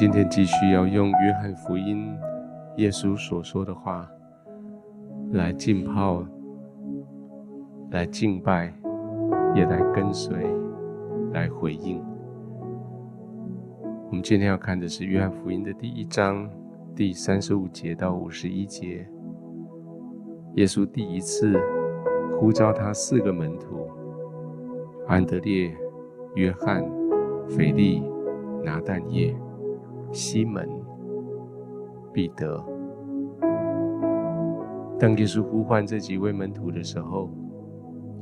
今天繼續要用《約翰福音》，耶穌所說的話來浸泡、來敬拜，也來跟隨、來回應。我們今天要看的是《約翰福音》的第一章第三十五節到五十一節。耶穌第一次呼召他四個門徒：安德烈、約翰、腓力、拿但業。西門、彼得，當耶穌呼喚這幾位門徒的時候，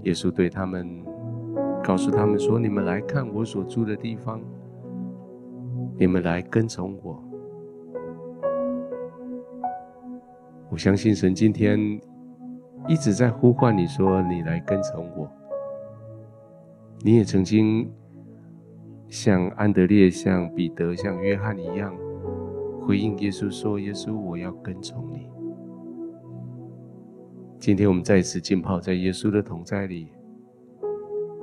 耶穌對他們告訴他們說：“你們來看我所住的地方，你們來跟從我。”我相信神今天一直在呼喚你說：“你來跟從我。”你也曾經。像安德烈、像彼得、像約翰一樣回應耶穌說：“耶穌，我要跟從你。”今天我們再次浸泡在耶穌的同在裡，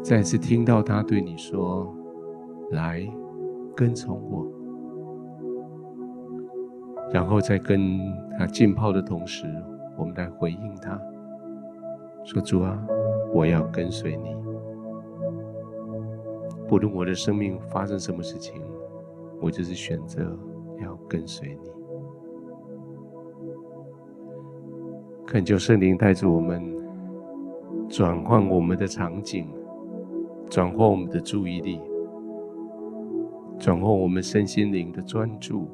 再次聽到他對你說：“來，跟從我。”然後在跟他浸泡的同時，我們來回應他說：“主啊，我要跟隨你。”不論我的生命發生什麼事情，我就是選擇要跟隨你。懇求聖靈帶着我們轉換我們的場景，轉換我們的注意力，轉換我們身心靈的專注，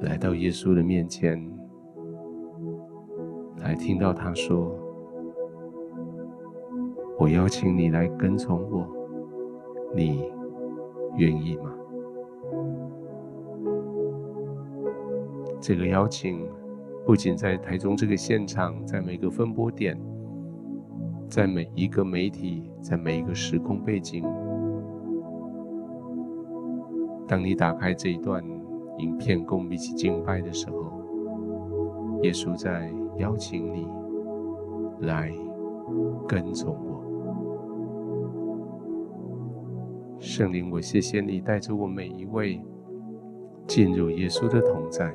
來到耶穌的面前，來聽到他說，我邀請你來跟從我，你願意嗎？這個邀請不僅在台中這個現場，在每個分播點，在每一個媒體，在每一個時空背景。當你打開這一段影片，共彼此敬拜的時候，耶穌在邀請你來跟從我。聖靈，我謝謝你帶着我每一位進入耶穌的同在，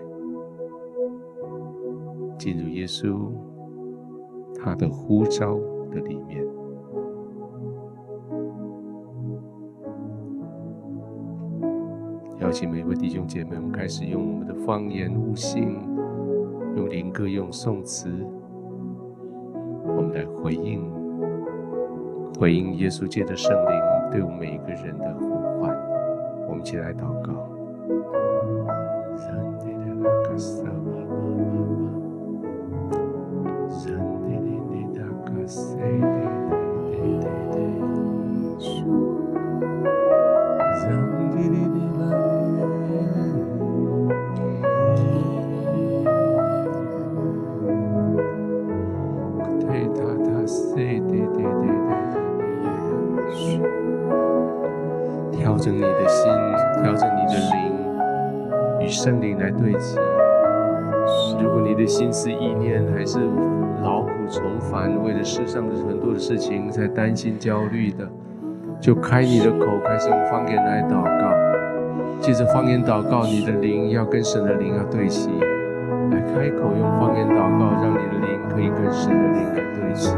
進入耶穌他的呼召的裡面。邀請每位弟兄姐妹們開始用我們的方言悟性，用靈歌，用頌詞，我們來回應，回應耶穌藉著聖靈。對我們每一個人的呼喚，我們一起來禱告。心思意念還是勞苦愁煩，為了世上的很多的事情才擔心焦慮的，就開你的口，開始用方言來禱告，借着方言禱告，你的靈要跟神的靈要對齊，來開口用方言禱告，讓你的靈可以跟神的靈來對齊。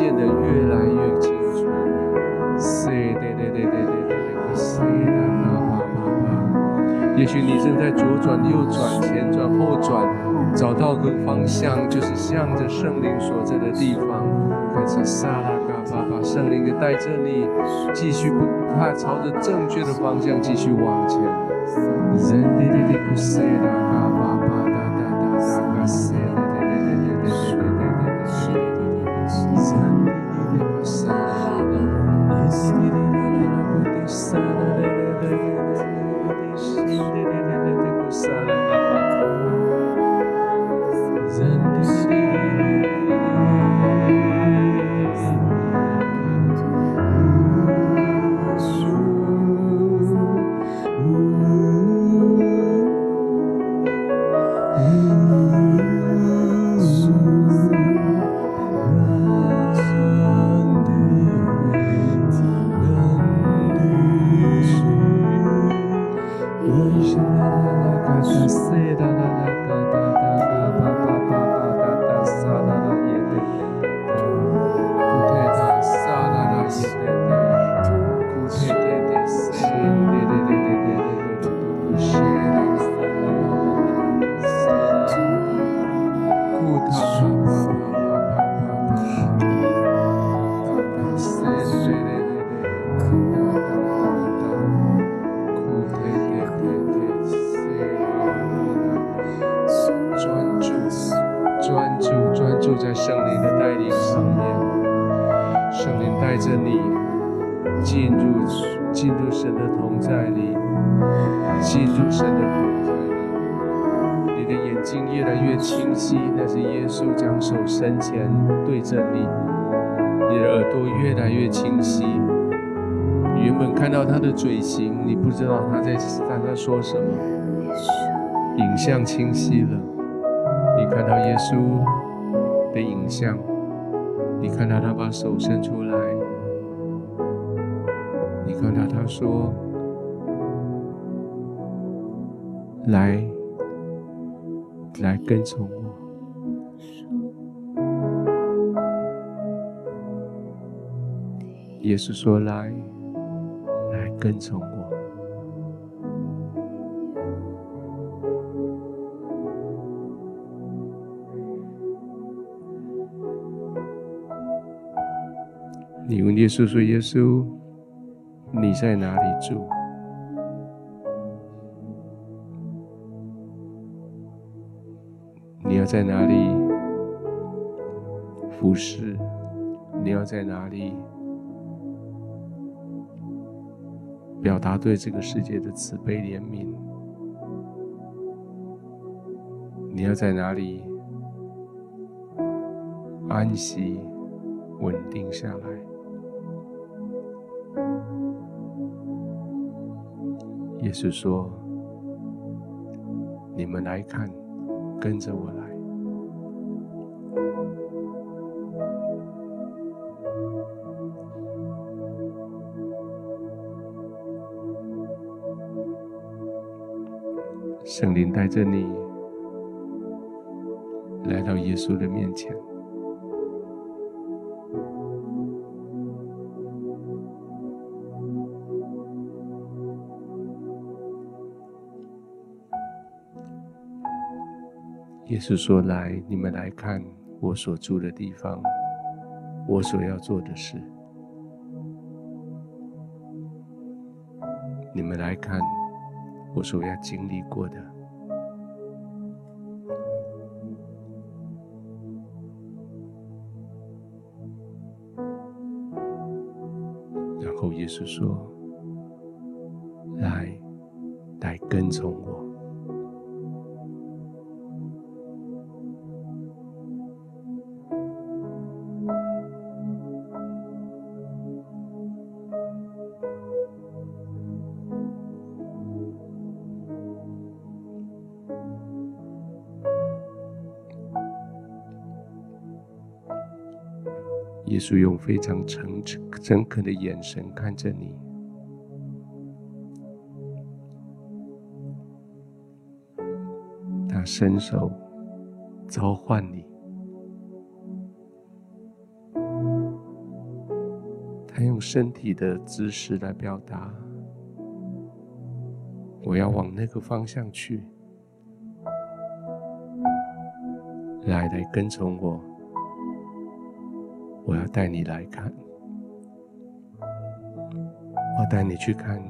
變得越來越清楚。是的，是的，媽媽媽媽。也許你正在左轉右轉，前轉後轉，找到個方向，就是向着聖靈所在的地方。開始，把把聖靈給帶這裡，繼續不怕朝着正確的方向繼續往前。說什麼？影像清晰了，你看到耶穌的影像，你看到他把手伸出來，你看到他說：“來，來跟從我。”耶穌說：“來，來跟從我。”耶穌說：“耶穌，你在哪裡住？你要在哪裡服侍？你要在哪裡表達對這個世界的慈悲憐憫？你要在哪裡安息，穩定下來？”耶穌說，你們來看，跟着我來。聖靈帶着你來到耶穌的面前。耶穌說：“來，你們來看我所住的地方，我所要做的事。你們來看我所要經歷過的。”然後，耶穌說。耶穌用非常誠誠懇的眼神看着你，他伸手召喚你，他用身體的姿勢來表達：“我要往那個方向去，來來跟從我。”我要帶你來看，我帶你去看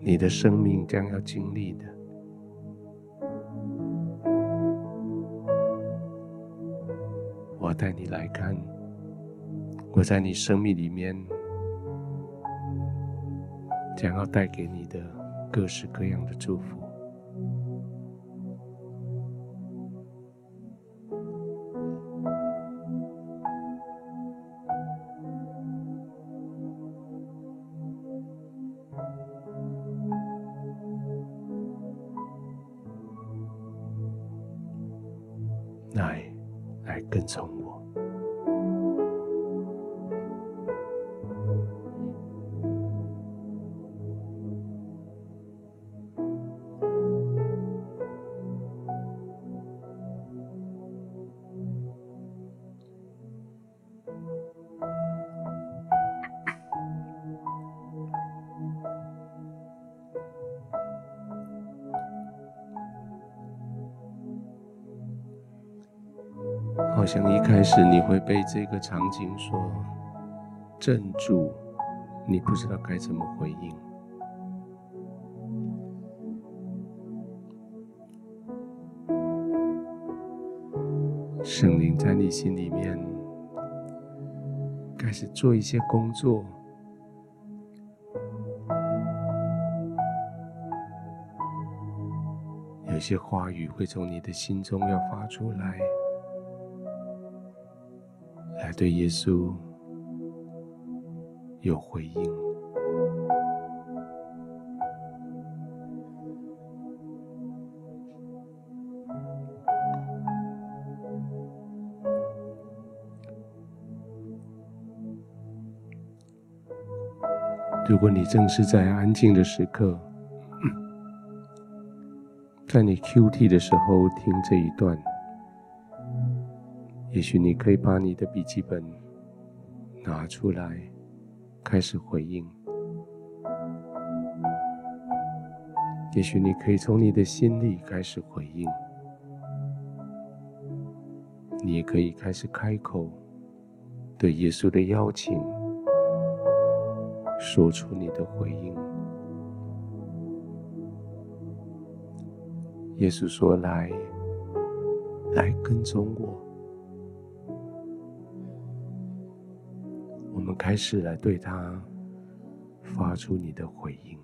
你的生命將要經歷的。我帶你來看，我在你生命裡面將要帶給你的各式各樣的祝福。來，來跟從我。好像一開始你會被這個場景所鎮住，你不知道該怎麼回應。聖靈在你心裡面開始做一些工作，有些話語會從你的心中要發出來。對耶穌有回應。如果你正是在安靜的時刻，在你 QT 的時候聽這一段。也許你可以把你的筆記本拿出來，開始回應。也許你可以從你的心裡開始回應。你也可以開始開口，對耶穌的邀請說出你的回應。耶穌說：“來，來跟從我。”開始來對他發出你的回應。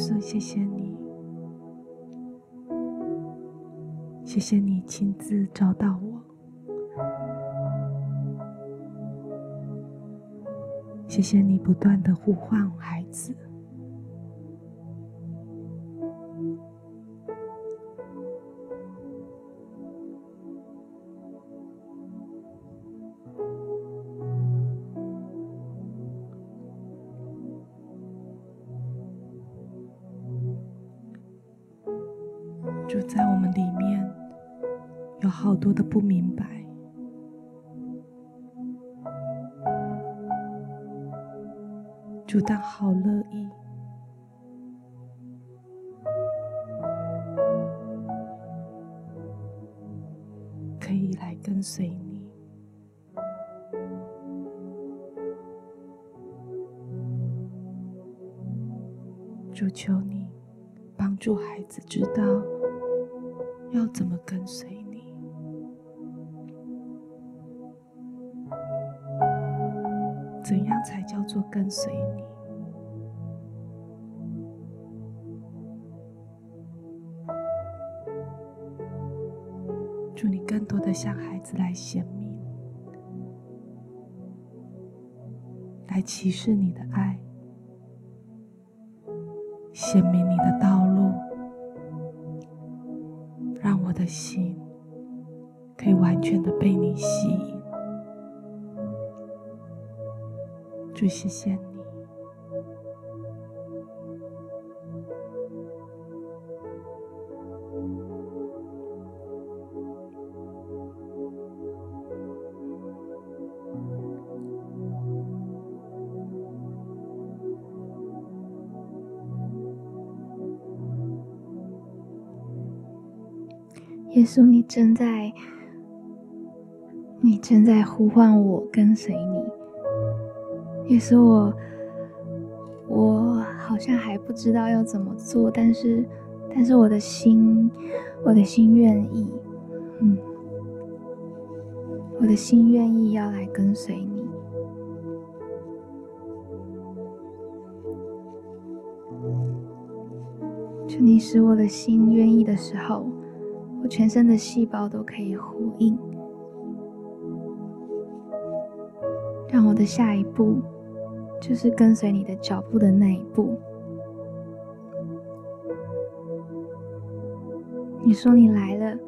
所以謝謝你，謝謝你親自找到我，謝謝你不斷的呼喚孩子。但好樂意，可以來跟隨你。主，求你幫助孩子知道要怎麼跟隨你，怎樣才叫做跟隨你？向孩子來顯明，來啟示你的愛，顯明你的道路，讓我的心可以完全的被你吸引。主，謝謝你。耶穌，你正在，你正在呼喚我跟隨你。耶穌，我，我好像還不知道要怎麼做，但是，但是我的心，我的心願意，嗯，我的心願意要來跟隨你。求你使我的心願意的時候。我全身的細胞都可以呼應，讓我的下一步就是跟隨你的腳步的那一步。你說你來了，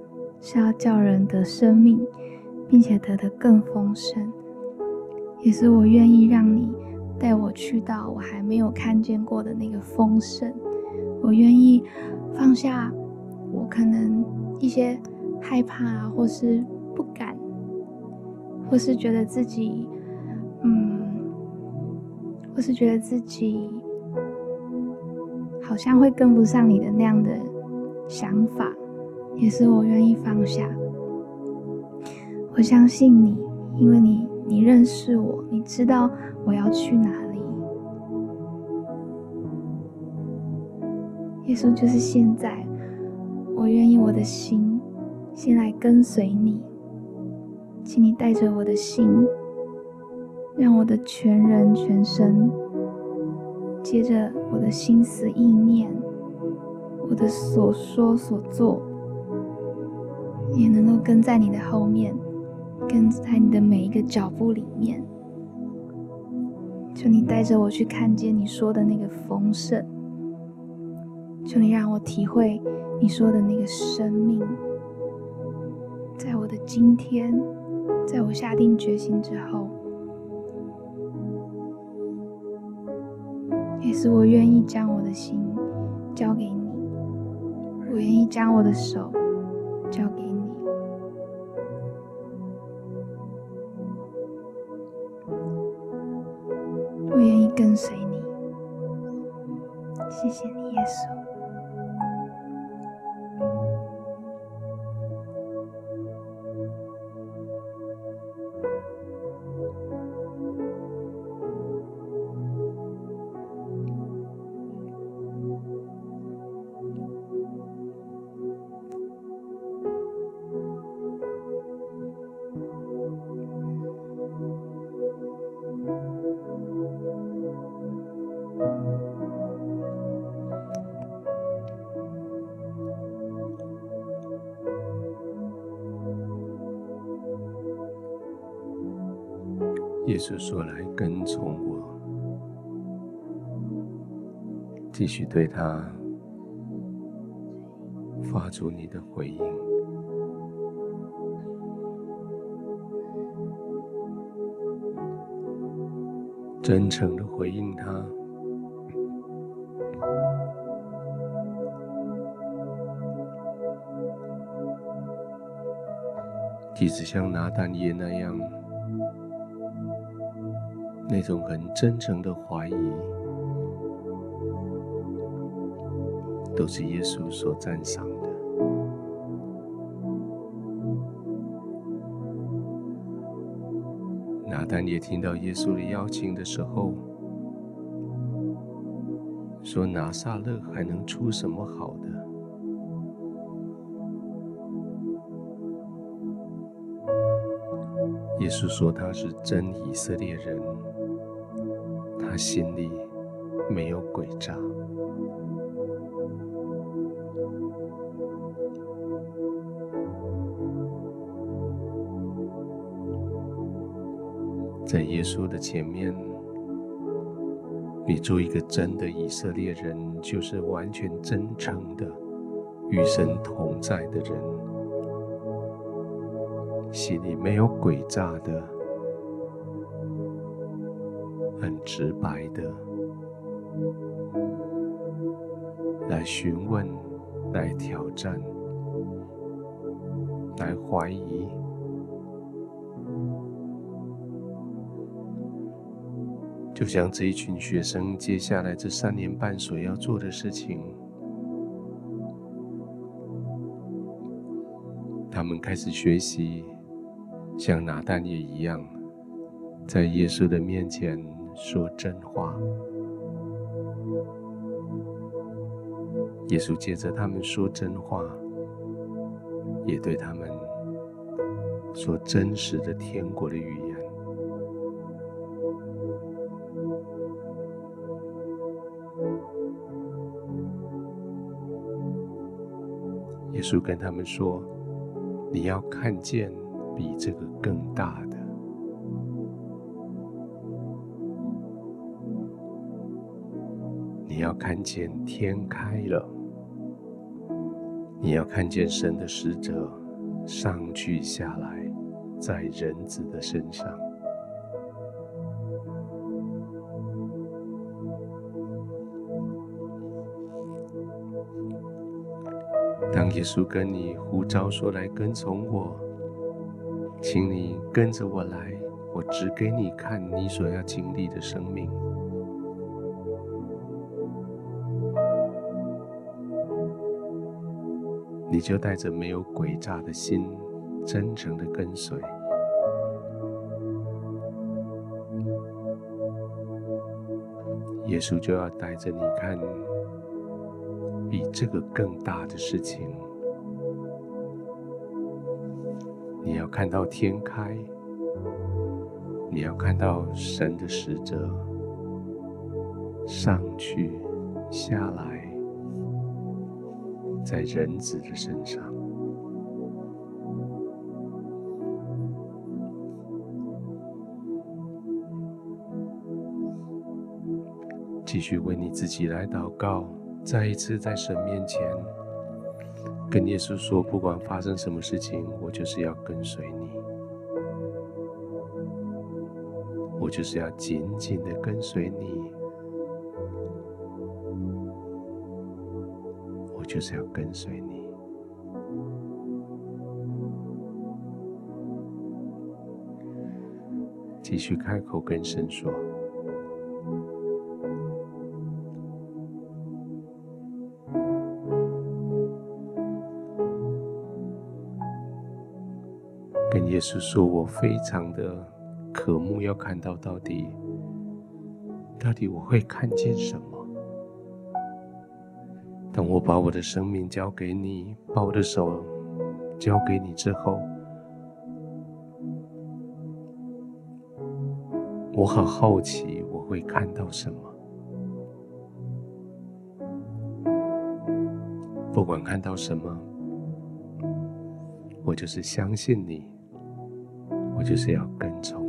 是要叫人得生命，並且得的更豐盛，也是我願意讓你帶我去到我還沒有看見過的那個豐盛。我願意放下我可能。一些害怕啊，或是不敢，或是覺得自己，嗯，或是覺得自己好像會跟不上你的那樣的想法，也是我願意放下。我相信你，因為你，你認識我，你知道我要去哪裡。耶穌就是現在。我願意，我的心先來跟隨你，請你帶着我的心，讓我的全人全身，接着我的心思意念，我的所說所做，也能夠跟在你的後面，跟在你的每一個腳步裡面。求你帶着我去看見你說的那個豐盛。求你讓我體會你說的那個生命，在我的今天，在我下定決心之後，也、耶穌，是我願意將我的心交給你，我願意將我的手交給你，我願意跟隨你。謝謝你，耶穌。說說來跟從我，繼續對他發出你的回應，真誠的回應他，即使像拿但業那樣。那種很真誠的懷疑，都是耶穌所讚賞的。拿但業聽到耶穌的邀請的時候，說拿撒勒還能出什麼好的？耶穌說他是真以色列人。他心裡沒有詭詐，在耶穌的前面，你做一個真的以色列人，就是完全真誠的與神同在的人，心裡沒有詭詐的。直白的來詢問，來挑戰，來懷疑，就像這一群學生接下來這三年半所要做的事情，他們開始學習，像拿但業一樣，在耶穌的面前。說真話，耶穌借着他們說真話，也對他們說真實的天國的語言。耶穌跟他們說：“你要看見比這個更大的。”你要看見天開了，你要看見神的使者上去下來，在人子的身上。當耶穌跟你呼召說：“來跟從我，請你跟着我來，我指給你看你所要經歷的生命。”你就帶着沒有詭詐的心，真誠的跟隨。耶穌就要帶着你看，比這個更大的事情。你要看到天開，你要看到神的使者上去下來。在人子的身上，繼續為你自己來禱告，再一次在神面前跟耶穌說：不管發生什麼事情，我就是要跟隨你，我就是要緊緊的跟隨你。就是要跟隨你，繼續開口跟神說，跟耶穌說，我非常的渴慕要看到到底，到底我會看見什麼。我把我的生命交給你，把我的手交給你之後，我很好奇我會看到什麼。不管看到什麼，我就是相信你，我就是要跟着你。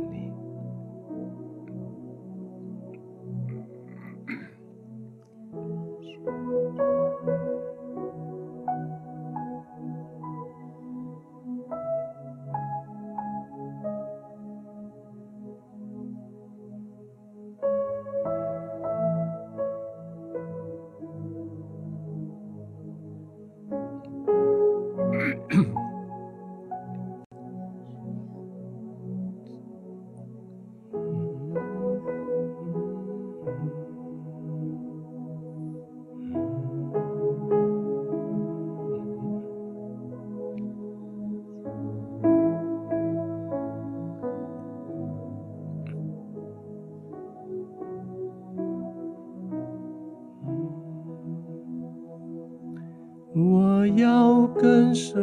跟隨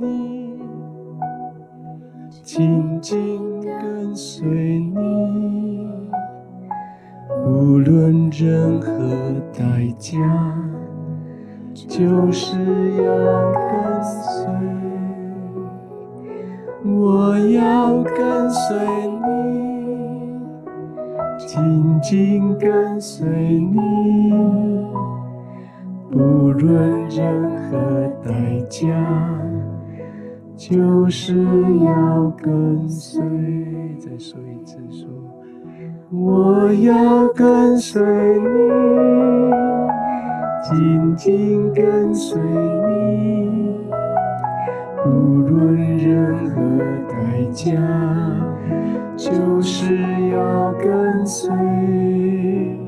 你。不論任何代價，就是要跟隨。再說一次，說我要跟隨你，緊緊跟隨你。不論任何代價，就是要跟隨。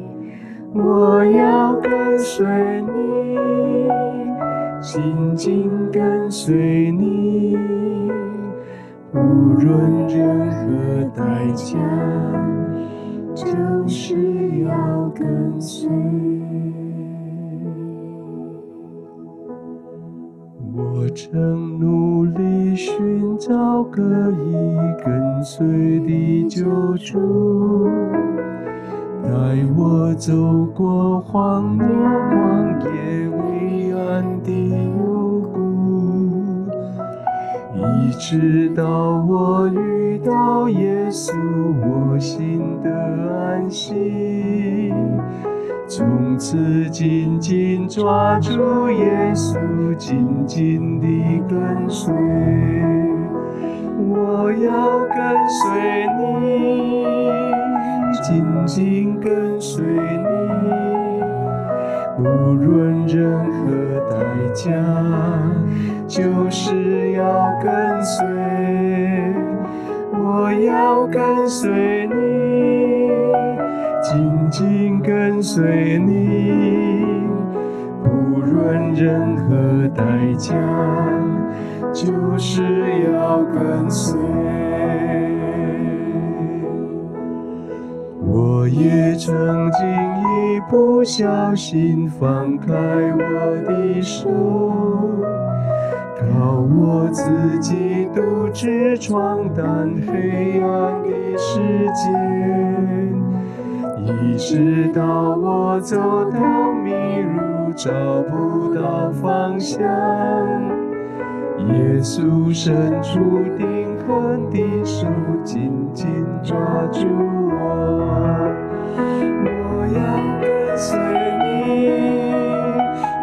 我要跟隨你，緊緊跟隨你，不論任何代價，就是要跟隨。我正努力尋找可以跟隨的救主。帶我走過荒漠曠野、黑暗的幽谷，一直到我遇到耶穌，我心得安息。從此緊緊抓住耶穌，緊緊地跟隨。我要跟隨你。緊緊跟隨你，不論任何代價，就是要跟隨。我要跟隨你，緊緊跟隨你，不論任何代價，就是要跟隨。也曾經一不小心放開我的手，靠我自己獨自闖蕩黑暗的世界，一直到我走到迷路找不到方向，耶穌伸出釘痕的手緊緊抓住我。我要跟隨你，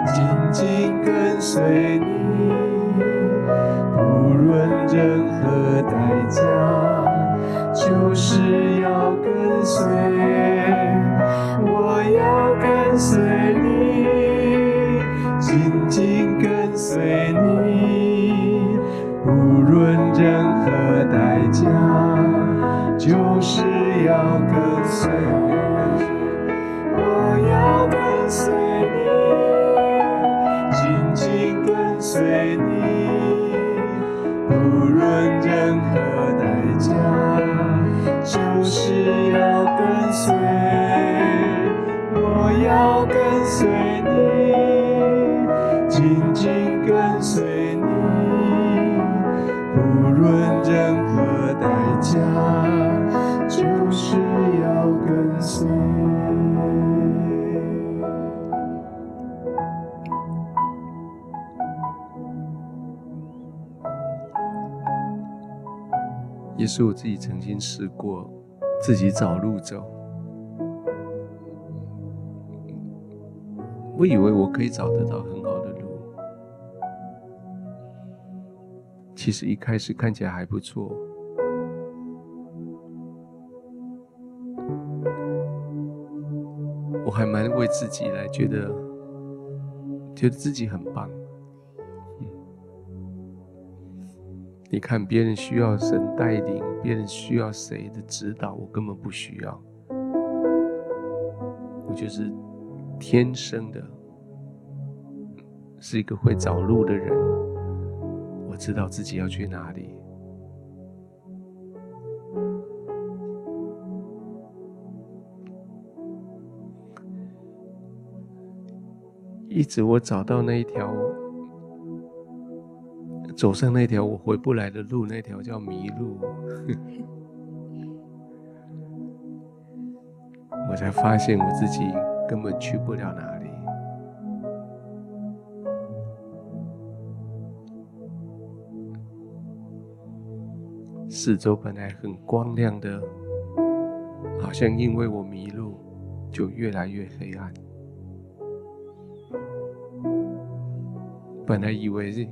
緊緊跟隨你，不論任何代價，就是要跟隨。我要跟隨你，緊緊跟隨你，不論任何代價。其實我自己曾經試過，自己找路走。我以為我可以找得到很好的路。其實一開始看起來還不錯。我還蠻為自己來覺得，覺得自己很棒。你看，別人需要神帶領，別人需要誰的指導，我根本不需要。我就是天生的，是一個會找路的人。我知道自己要去哪裡。一直我找到那一條。走上那條我回不來的路，那條叫迷路。 我才發現我自己根本去不了那裡。四周本來很光亮的，好像因為我迷路，就越來越黑暗。本來以為是。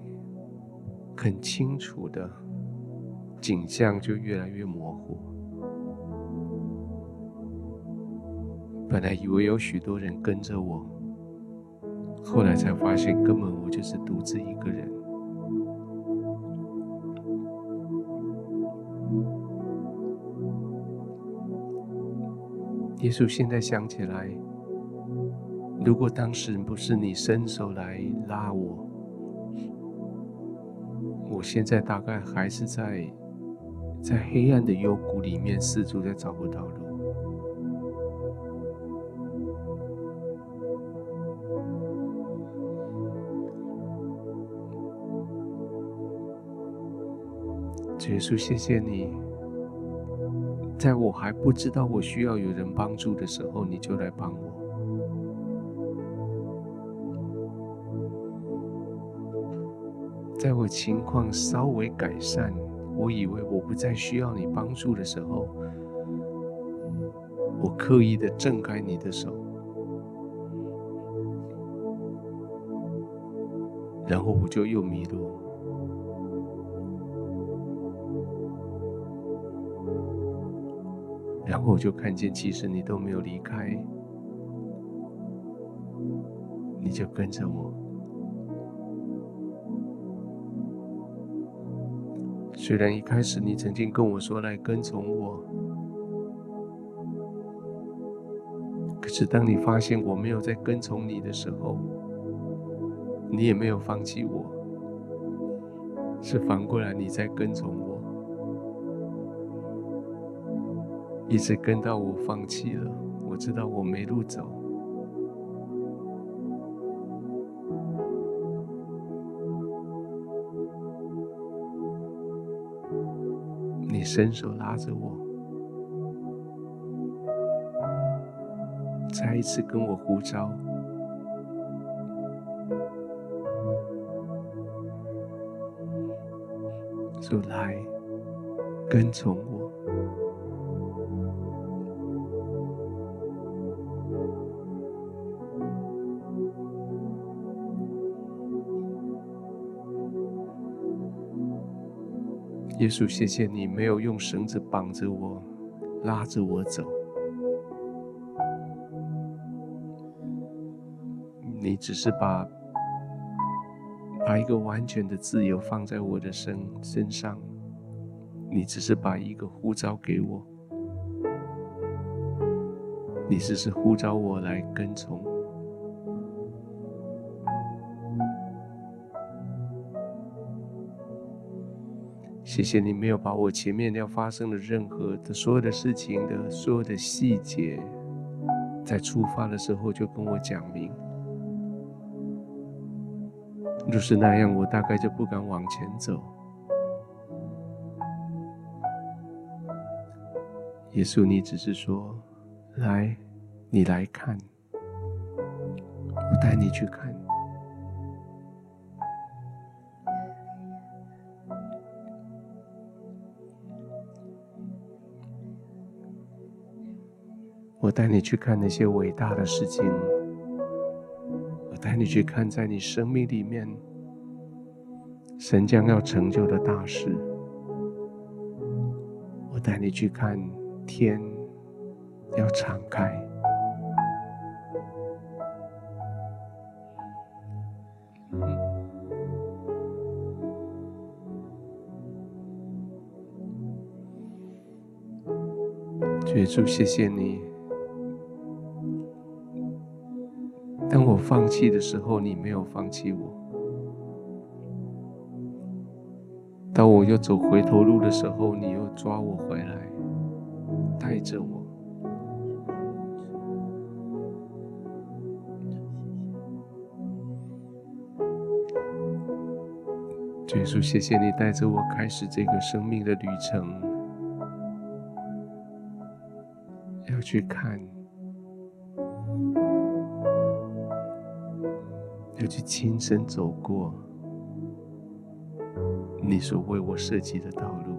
很清楚的景象，就越來越模糊。本來以為有許多人跟着我，後來才發現根本我就是獨自一個人。耶穌現在想起來，如果當時不是你伸手來拉我，我現在大概還是在在黑暗的幽谷裡面，四處在找不到路。耶穌，謝謝你，在我還不知道我需要有人幫助的時候，你就來幫我。在我情況稍微改善，我以為我不再需要你幫助的時候，我刻意的掙開你的手，然後我就又迷路，然後我就看見，其實你都沒有離開，你就跟着我。雖然一開始你曾經跟我說來跟從我，可是當你發現我沒有在跟從你的時候，你也沒有放棄我，是反過來你在跟從我，一直跟到我放棄了。我知道我沒路走。你伸手拉着我，再一次跟我呼召，如來跟從。耶穌，謝謝你沒有用繩子綁着我，拉着我走。你只是把把一個完全的自由放在我的身身上，你只是把一個呼召給我，你只是呼召我來跟從。謝謝你沒有把我前面要發生的任何的、所有的事情的、所有的細節，在出發的時候就跟我講明。若是那樣，我大概就不敢往前走。耶穌，你只是說：“來，你來看，我帶你去看。”我帶你去看那些偉大的事情，我帶你去看在你生命裡面，神將要成就的大事。我帶你去看天要敞開。嗯。所以主，謝謝你。放棄的時候，你沒有放棄我；當我又走回頭路的時候，你又抓我回來，帶着我。耶穌，謝謝你帶着我開始這個生命的旅程，要去看。就去親身走過你所為我設計的道路。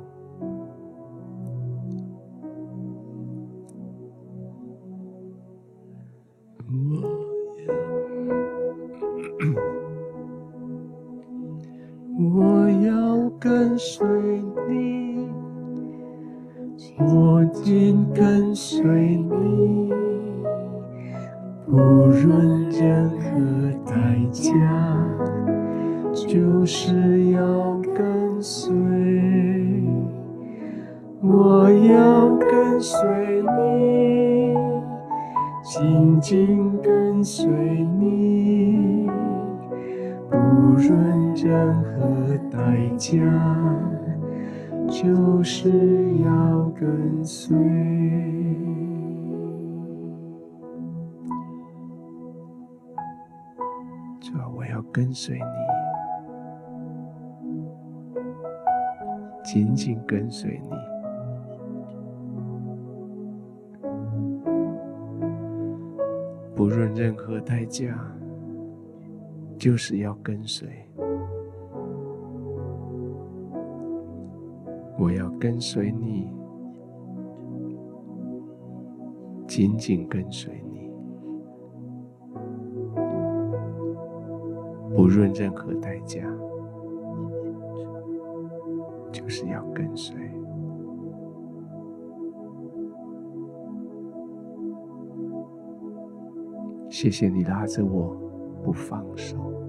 主，我要跟隨你，緊緊跟隨你，不論任何代價，就是要跟隨。我要跟隨你。緊緊跟隨你，不論任何代價，就是要跟隨。謝謝你拉着我，不放手。